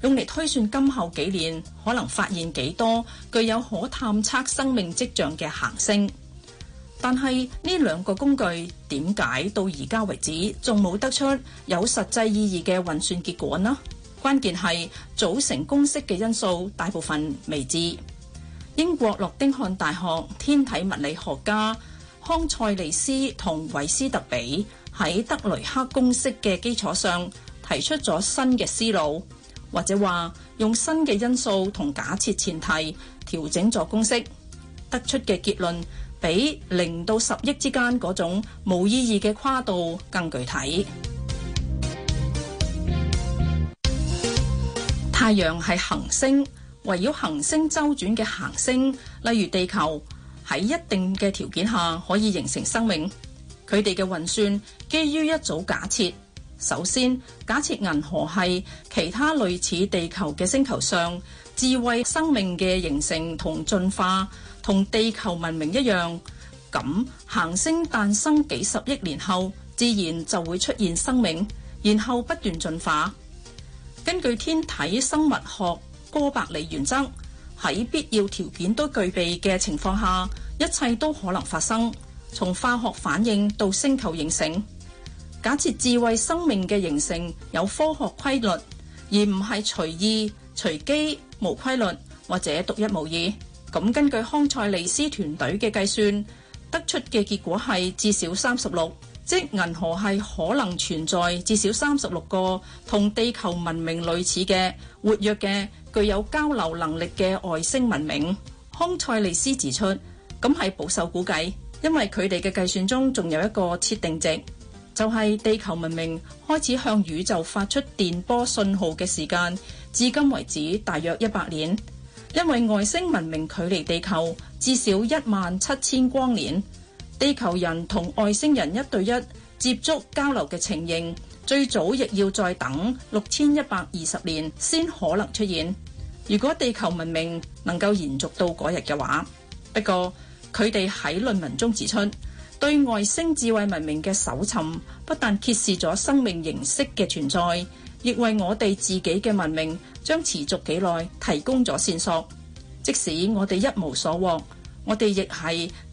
用嚟推算今後幾年可能發現幾多具有可探測生命跡象嘅行星。但係呢兩個工具點解到而家為止仲冇得出有實際意義嘅運算結果呢？關鍵係組成公式嘅因素大部分未知。英國諾丁漢大學天體物理學家康塞尼斯同維斯特比喺德雷克公式嘅基礎上提出咗新嘅思路，或者話用新嘅因素同假設前提調整咗公式，得出嘅結論比零到十億之間嗰種冇意義嘅跨度更具體。太陽係恒星圍繞恒星周轉嘅行星，例如地球，喺一定嘅條件下可以形成生命。佢哋嘅運算基於一組假設。首先，假設銀河系其他類似地球嘅星球上，智慧生命嘅形成同進化同地球文明一樣。咁，恒星誕生幾十億年後，自然就會出現生命，然後不斷進化。根據天體生物學哥白尼原則，喺必要條件都具備嘅情況下，一切都可能發生，從化學反應到星球形成。假設智慧生命嘅形成有科學規律，而唔係隨意、隨機、無規律，或者獨一無二。咁根據康塞利斯團隊嘅計算，得出嘅結果係至少三十六。即銀河系可能存在至少三十六個同地球文明類似嘅活躍嘅具有交流能力嘅外星文明，康塞利斯指出，咁係保守估計，因為佢哋嘅計算中仲有一個設定值，就係地球文明開始向宇宙發出電波信號嘅時間，至今為止大約一百年，因為外星文明距離地球至少一萬七千光年。地球人同外星人一對一接觸交流嘅情形，最早亦要再等六千一百二十年先可能出現。如果地球文明能夠延續到嗰日嘅話，不過佢哋喺論文中指出，對外星智慧文明嘅搜尋不但揭示咗生命形式嘅存在，亦為我哋自己嘅文明將持續幾耐提供咗線索。即使我哋一無所獲，我哋亦係。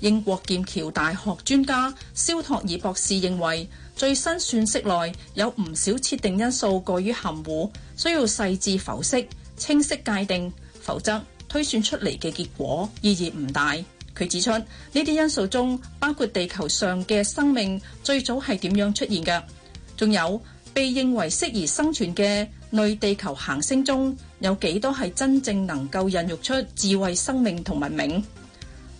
英國劍橋大學專家肖托爾博士認為，最新算式內有唔少設定因素過於含糊，需要細緻剖析、清晰界定，否則推算出嚟嘅結果意義唔大。佢指出，呢啲因素中包括地球上嘅生命最早係點樣出現嘅，仲有被認為適宜生存嘅類地球行星中有幾多係真正能夠孕育出智慧生命同文明。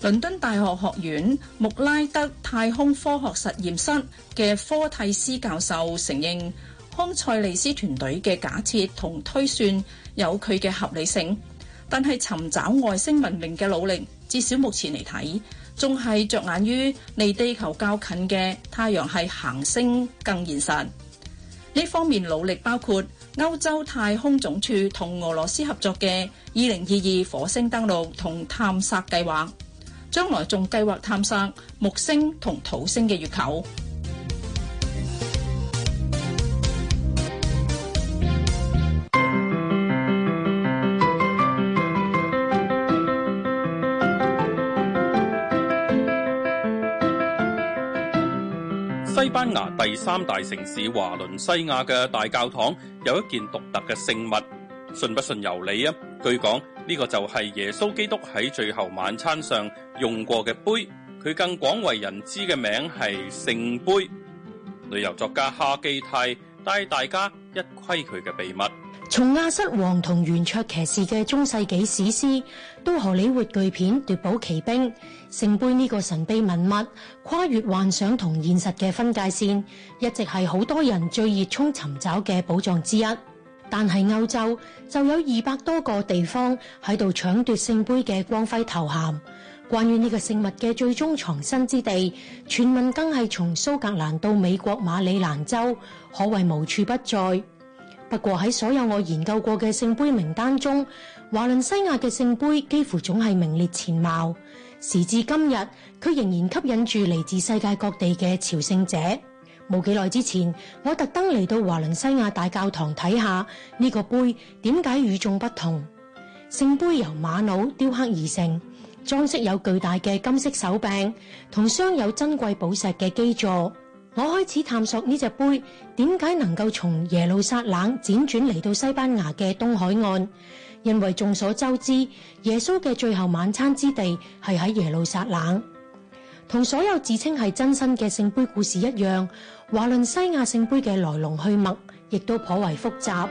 倫敦大學學院穆拉德太空科學實驗室嘅科蒂斯教授承認，康塞利斯團隊嘅假設同推算有佢嘅合理性，但係尋找外星文明嘅努力，至少目前嚟睇，仲係着眼於離地球較近嘅太陽系行星更現實。呢方面努力包括歐洲太空總署同俄羅斯合作嘅二零二二火星登陸同探索計劃。將來仲計劃探索木星同土星嘅月球。西班牙第三大城市華倫西亞嘅大教堂有一件獨特嘅聖物，信不信由你啊！據講，呢個就係耶穌基督喺最後晚餐上用過嘅杯，佢更廣為人知嘅名係聖杯。旅遊作家哈基泰帶大家一窺佢嘅秘密。從亞瑟王同圓桌騎士嘅中世紀史詩，到荷里活巨片《奪寶奇兵》，聖杯呢個神秘文物,物跨越幻想同現實嘅分界線，一直係好多人最熱衷尋找嘅寶藏之一。但係歐洲就有二百多個地方喺度搶奪聖杯嘅光輝頭銜。關於呢個聖物嘅最終藏身之地，傳聞更係從蘇格蘭到美國馬里蘭州，可謂無處不在。不過喺所有我研究過嘅聖杯名單中，華倫西亞嘅聖杯幾乎總係名列前茅。時至今日，佢仍然吸引住嚟自世界各地嘅朝聖者。冇幾耐之前，我特登嚟到華倫西亞大教堂睇下呢個杯點解與眾不同。聖杯由瑪瑙雕刻而成，裝飾有巨大嘅金色手柄，同鑲有珍貴寶石嘅基座。我開始探索呢隻杯點解能夠從耶路撒冷輾轉嚟到西班牙嘅東海岸。因為眾所周知，耶穌嘅最後晚餐之地係喺耶路撒冷。同所有自稱係真身嘅聖杯故事一樣。華倫西亞聖杯嘅來龍去脈，亦都頗為複雜。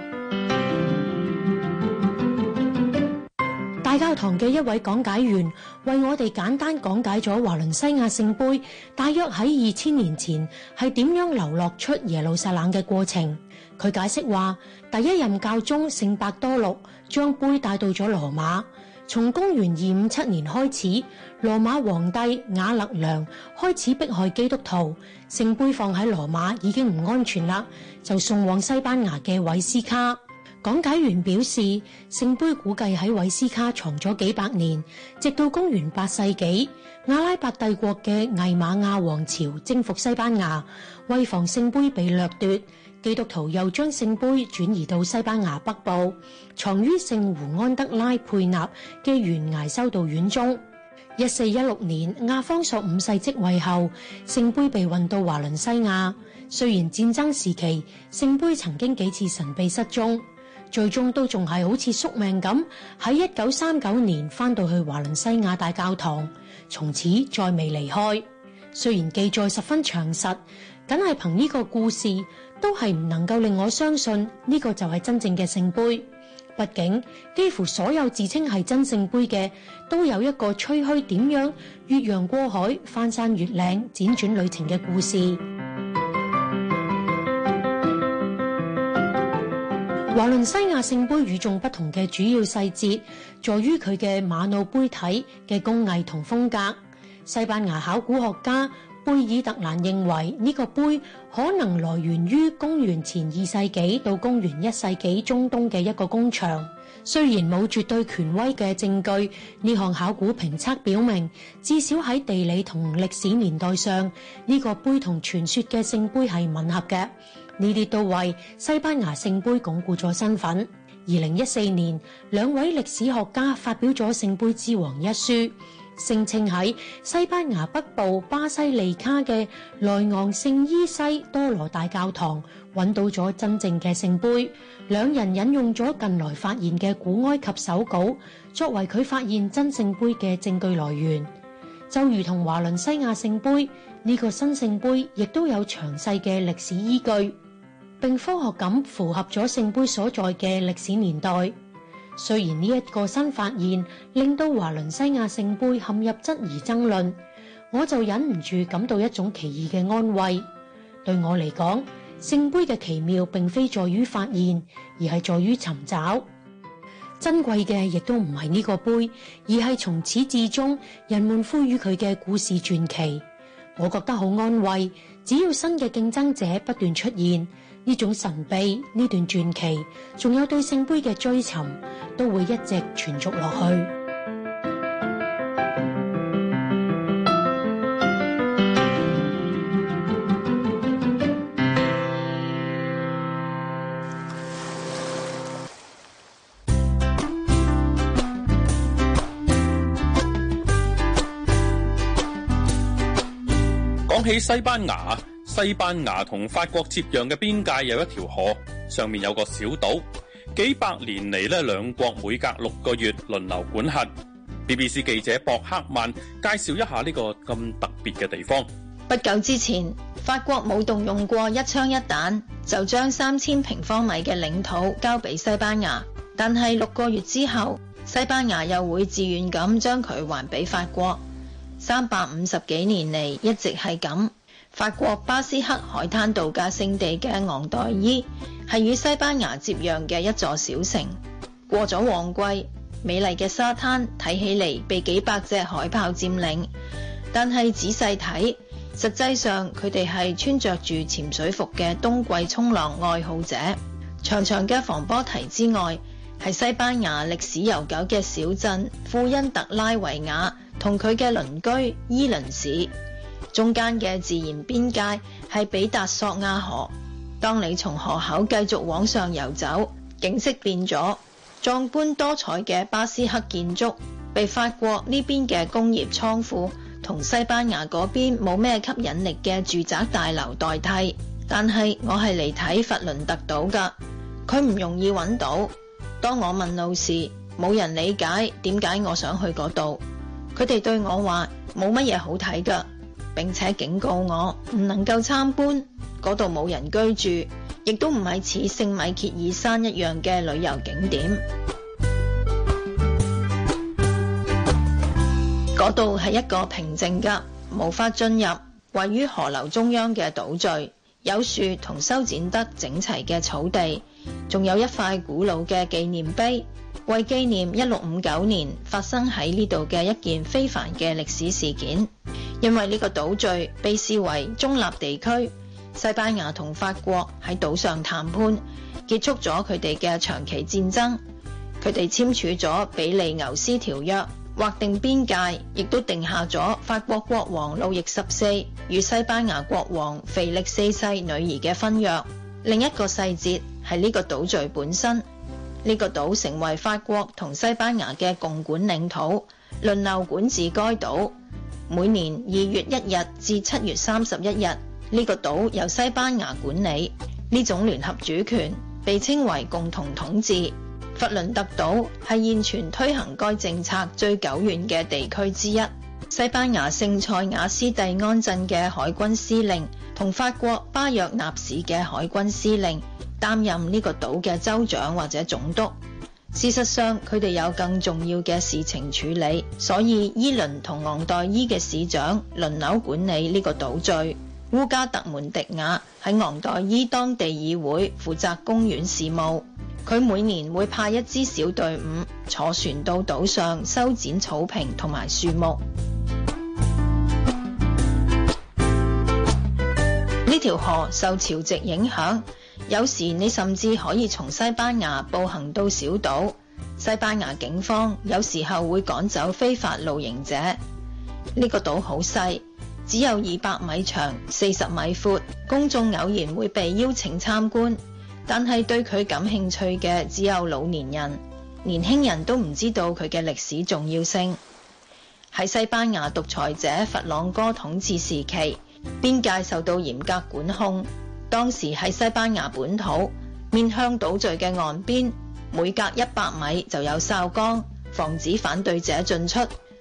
大教堂嘅一位講解員為我哋簡單講解咗華倫西亞聖杯，大約喺二千年前係點樣流落出耶路撒冷嘅過程。佢解釋話，第一任教宗聖伯多祿將杯帶到咗羅馬，從公元二五七年開始，羅馬皇帝瓦勒良開始迫害基督徒。聖杯放喺羅馬已經唔安全啦，就送往西班牙嘅韋斯卡。講解員表示，聖杯估計喺韋斯卡藏咗幾百年，直到公元八世紀，阿拉伯帝國嘅韋馬亞王朝征服西班牙，為防聖杯被掠奪，基督徒，徒又將聖杯轉移到西班牙北部，藏於聖胡安德拉佩納嘅懸崖修道院中。一四一六年，亞方索五世即位後，聖杯被運到華倫西亞。雖然戰爭時期，聖杯曾經幾次神秘失蹤，最終都仲係好似宿命咁，喺一九三九年翻到去華倫西亞大教堂，從此再未離開。雖然記載十分詳實，梗係憑呢個故事，都係唔能夠令我相信呢個就係真正嘅聖杯。畢竟，幾乎所有自稱係真聖杯嘅，都有一個吹嘘點樣越洋過海、翻山越嶺、輾轉旅程嘅故事。華倫西亞聖杯與眾不同嘅主要細節，在於佢嘅瑪瑙杯體嘅工藝同風格。西班牙考古學家貝爾特蘭認為呢個杯，可能來源於公元前二世紀到公元一世紀中東嘅一個工場，雖然冇絕對權威嘅證據，呢項考古評測表明，至少喺地理同歷史年代上，呢個杯同傳說嘅聖杯係吻合嘅。呢啲都為西班牙聖杯鞏固咗身份。二零一四年，兩位歷史學家發表咗《聖杯之王》一書。聲稱喺西班牙北部巴西利卡嘅萊昂聖伊西多羅大教堂揾到咗真正嘅聖杯，兩人引用咗近來發現嘅古埃及手稿作為佢發現真聖杯嘅證據來源，就如同華倫西亞聖杯呢個新聖杯，亦都有詳細嘅歷史依據，並科學咁符合咗聖杯所在嘅歷史年代。雖然呢一個新發現令到華倫西亞聖杯陷入質疑爭論，我就忍唔住感到一種奇異嘅安慰。對我嚟講，聖杯嘅奇妙並非在於發現，而係在於尋找。珍貴嘅亦都唔係呢個杯，而係從始至終人們呼籲佢嘅故事傳奇。我覺得好安慰。只要新嘅競爭者不斷出現，呢種神秘、呢段傳奇，仲有對聖杯嘅追尋，都會一直存續落去。西班牙，西班牙同法國接壤嘅邊界有一條河，上面有個小島，幾百年嚟咧，兩國每隔六個月輪流管轄。BBC 記者博克曼介紹一下呢個咁特別嘅地方。不久之前，法國冇動用過一槍一彈，就將三千平方米嘅領土交俾西班牙，但係六個月之後，西班牙又會自願咁將佢還俾法國。三百五十幾年嚟一直係咁。法國巴斯克海灘度假勝地嘅昂代伊，係與西班牙接壤嘅一座小城。過咗旺季，美麗嘅沙灘睇起嚟被幾百隻海豹佔領，但係仔細睇，實際上佢哋係穿着住潛水服嘅冬季衝浪愛好者。長長嘅防波堤之外，係西班牙歷史悠久嘅小鎮富恩特拉維亞。同佢嘅鄰居伊倫市，中間嘅自然邊界係比達索亞河。當你從河口繼續往上游走，景色變咗壯觀多彩嘅巴斯克建築，被法國呢邊嘅工業倉庫同西班牙嗰邊冇咩吸引力嘅住宅大樓代替。但係我係嚟睇佛倫特島噶，佢唔容易揾到。當我問路時，冇人理解點解我想去嗰度。佢哋對我話冇乜嘢好睇噶，並且警告我唔能夠參觀。嗰度冇人居住，亦都唔係似聖米歇爾山一樣嘅旅遊景點。嗰度係一個平靜嘅、無法進入、位於河流中央嘅島嶼，有樹同修剪得整齊嘅草地，仲有一塊古老嘅紀念碑。為紀念一六五九年發生喺呢度嘅一件非凡嘅歷史事件，因為呢個島嶼被視為中立地區，西班牙同法國喺島上談判，結束咗佢哋嘅長期戰爭，佢哋簽署咗比利牛斯條約，劃定邊界，亦都定下咗法國國王路易十四與西班牙國王腓力四世女兒嘅婚約。另一個細節係呢個島嶼本身。呢個島成為法國同西班牙嘅共管領土，輪流管治該島。每年二月一日至七月三十一日，呢個島由西班牙管理。呢種聯合主權被稱為共同統治。佛倫特島係現存推行該政策最久遠嘅地區之一。西班牙聖塞瓦斯蒂安鎮嘅海軍司令同法國巴約納市嘅海軍司令。擔任呢個島嘅州長或者總督。事實上，佢哋有更重要嘅事情處理，所以伊倫同昂代伊嘅市長輪流管理呢個島嶼。烏加特門迪亞喺昂代伊當地議會負責公園事務，佢每年會派一支小隊伍坐船到島上修剪草坪同埋樹木。呢條河受潮汐影響。有時你甚至可以從西班牙步行到小島。西班牙警方有時候會趕走非法露營者。呢個島好細，只有二百米長、四十米闊。公眾偶然會被邀請參觀，但係對佢感興趣嘅只有老年人。年輕人都唔知道佢嘅歷史重要性。喺西班牙獨裁者佛朗哥統治時期，邊界受到嚴格管控。當時喺西班牙本土，面向島嶼嘅岸邊，每隔一百米就有哨崗，防止反對者進出。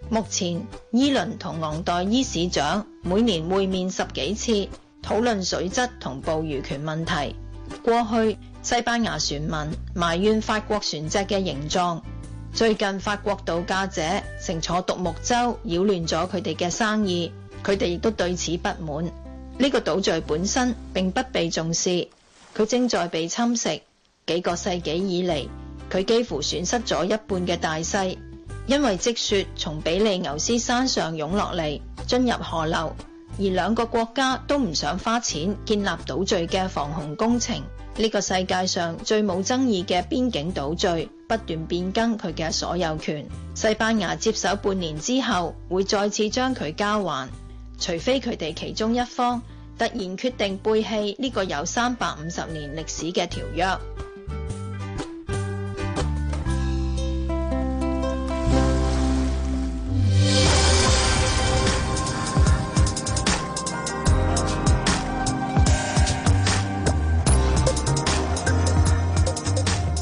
目前伊倫同昂代伊市長每年會面十幾次，討論水質同捕魚權問題。過去西班牙船民埋怨法國船隻嘅形狀，最近法國度假者乘坐獨木舟擾亂咗佢哋嘅生意，佢哋亦都對此不滿。呢個島嶼本身並不被重視，佢正在被侵蝕。幾個世紀以嚟，佢幾乎損失咗一半嘅大細，因為積雪從比利牛斯山上湧落嚟，進入河流。而兩個國家都唔想花錢建立島嶼嘅防洪工程。呢、這個世界上最冇爭議嘅邊境島嶼不斷變更佢嘅所有權。西班牙接手半年之後，會再次將佢交還。除非佢哋其中一方突然決定背棄呢個有三百五十年歷史嘅條約。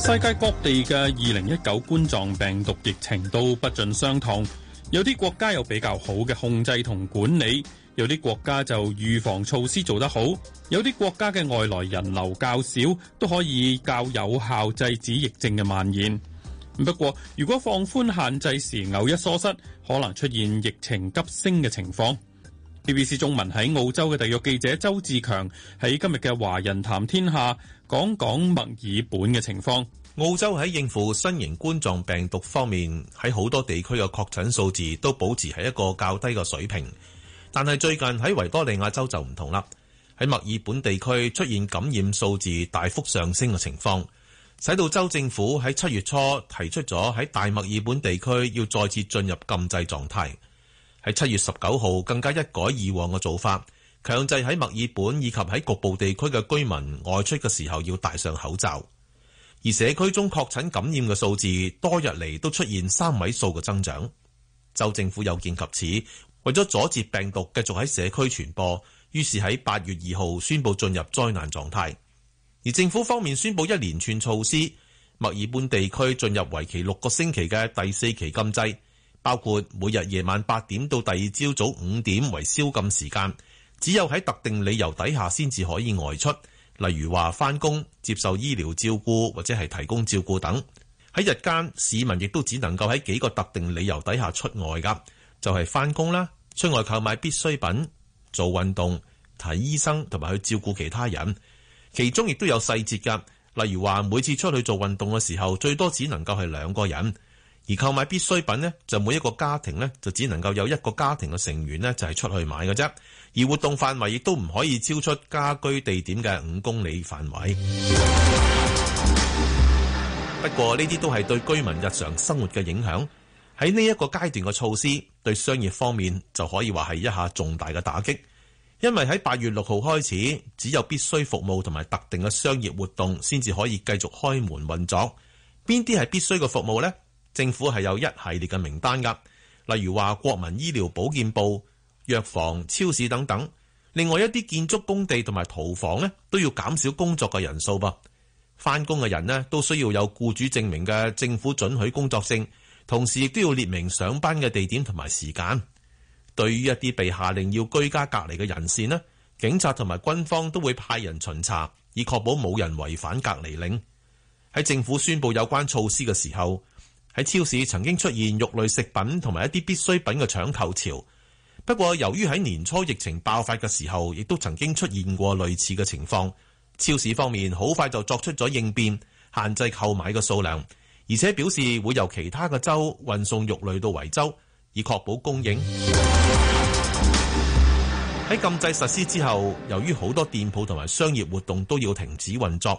世界各地嘅二零一九冠狀病毒疫情都不盡相同。有啲國家有比較好嘅控制同管理，有啲國家就預防措施做得好，有啲國家嘅外來人流較少，都可以較有效制止疫症嘅蔓延。不過，如果放寬限制時偶一疏失，可能出現疫情急升嘅情況。BBC 中文喺澳洲嘅特約記者周志強喺今日嘅《華人談天下》講講墨爾本嘅情況。澳洲喺應付新型冠狀病毒方面，喺好多地區嘅確診數字都保持喺一個較低嘅水平。但係最近喺維多利亞州就唔同啦，喺墨爾本地區出現感染數字大幅上升嘅情況，使到州政府喺七月初提出咗喺大墨爾本地區要再次進入禁制狀態。喺七月十九號更加一改以往嘅做法，強制喺墨爾本以及喺局部地區嘅居民外出嘅時候要戴上口罩。而社區中確診感染嘅數字多日嚟都出現三位數嘅增長，州政府有見及此，為咗阻止病毒繼續喺社區傳播，於是喺八月二號宣布進入災難狀態。而政府方面宣布一連串措施，墨爾本地區進入為期六個星期嘅第四期禁制，包括每日夜晚八點到第二朝早五點為宵禁時間，只有喺特定理由底下先至可以外出。例如話返工、接受醫療照顧或者係提供照顧等，喺日間市民亦都只能夠喺幾個特定理由底下出外㗎，就係返工啦、出外購買必需品、做運動、睇醫生同埋去照顧其他人，其中亦都有細節㗎，例如話每次出去做運動嘅時候，最多只能夠係兩個人。而購買必需品呢，就每一個家庭呢，就只能夠有一個家庭嘅成員呢，就係出去買嘅啫。而活動範圍亦都唔可以超出家居地點嘅五公里範圍。不過呢啲都係對居民日常生活嘅影響喺呢一個階段嘅措施，對商業方面就可以話係一下重大嘅打擊，因為喺八月六號開始，只有必須服務同埋特定嘅商業活動先至可以繼續開門運作。邊啲係必須嘅服務呢？政府係有一系列嘅名單噶，例如話，國民醫療保健部、藥房、超市等等。另外一啲建築工地同埋屠房咧，都要減少工作嘅人數噃。翻工嘅人咧都需要有僱主證明嘅政府准許工作證，同時亦都要列明上班嘅地點同埋時間。對於一啲被下令要居家隔離嘅人士咧，警察同埋軍方都會派人巡查，以確保冇人違反隔離令。喺政府宣布有關措施嘅時候，喺超市曾經出現肉類食品同埋一啲必需品嘅搶購潮，不過由於喺年初疫情爆發嘅時候，亦都曾經出現過類似嘅情況。超市方面好快就作出咗應變，限制購買嘅數量，而且表示會由其他嘅州運送肉類到維州，以確保供應。喺禁制實施之後，由於好多店鋪同埋商業活動都要停止運作，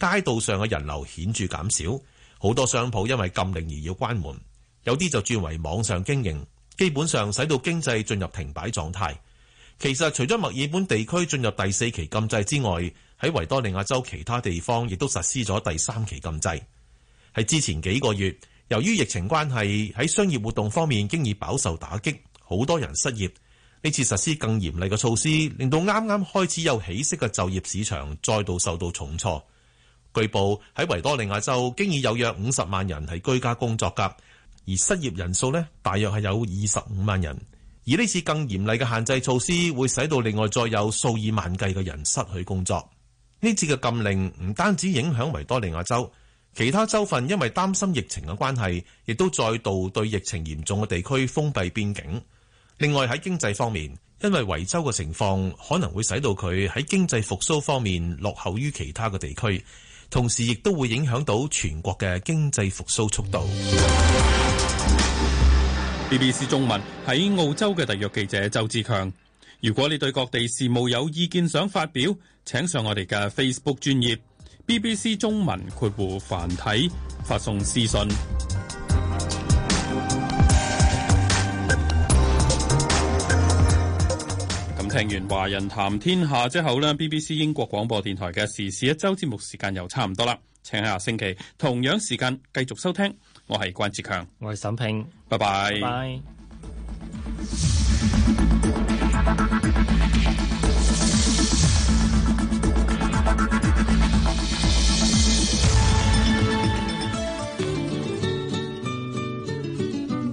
街道上嘅人流顯著減少。好多商鋪因為禁令而要關門，有啲就轉為網上經營，基本上使到經濟進入停擺狀態。其實除咗墨爾本地區進入第四期禁制之外，喺維多利亞州其他地方亦都實施咗第三期禁制。喺之前幾個月，由於疫情關係，喺商業活動方面經已飽受打擊，好多人失業。呢次實施更嚴厲嘅措施，令到啱啱開始有起色嘅就業市場再度受到重挫。據報喺維多利亞州，經已有約五十萬人係居家工作噶，而失業人數呢，大約係有二十五萬人。而呢次更嚴厲嘅限制措施，會使到另外再有數以萬計嘅人失去工作。呢次嘅禁令唔單止影響維多利亞州，其他州份因為擔心疫情嘅關係，亦都再度對疫情嚴重嘅地區封閉邊境。另外喺經濟方面，因為維州嘅情況可能會使到佢喺經濟復甦方面落後於其他嘅地區。同時，亦都會影響到全國嘅經濟復甦速度。BBC 中文喺澳洲嘅特約記者周志強。如果你對各地事務有意見想發表，請上我哋嘅 Facebook 專頁 BBC 中文括弧繁體發送私信。聽完華人談天下之後呢 BBC 英國廣播電台嘅時事一週節目時間又差唔多啦，請下星期同樣時間繼續收聽，我係關智強，我係沈平，拜拜 bye。Bye bye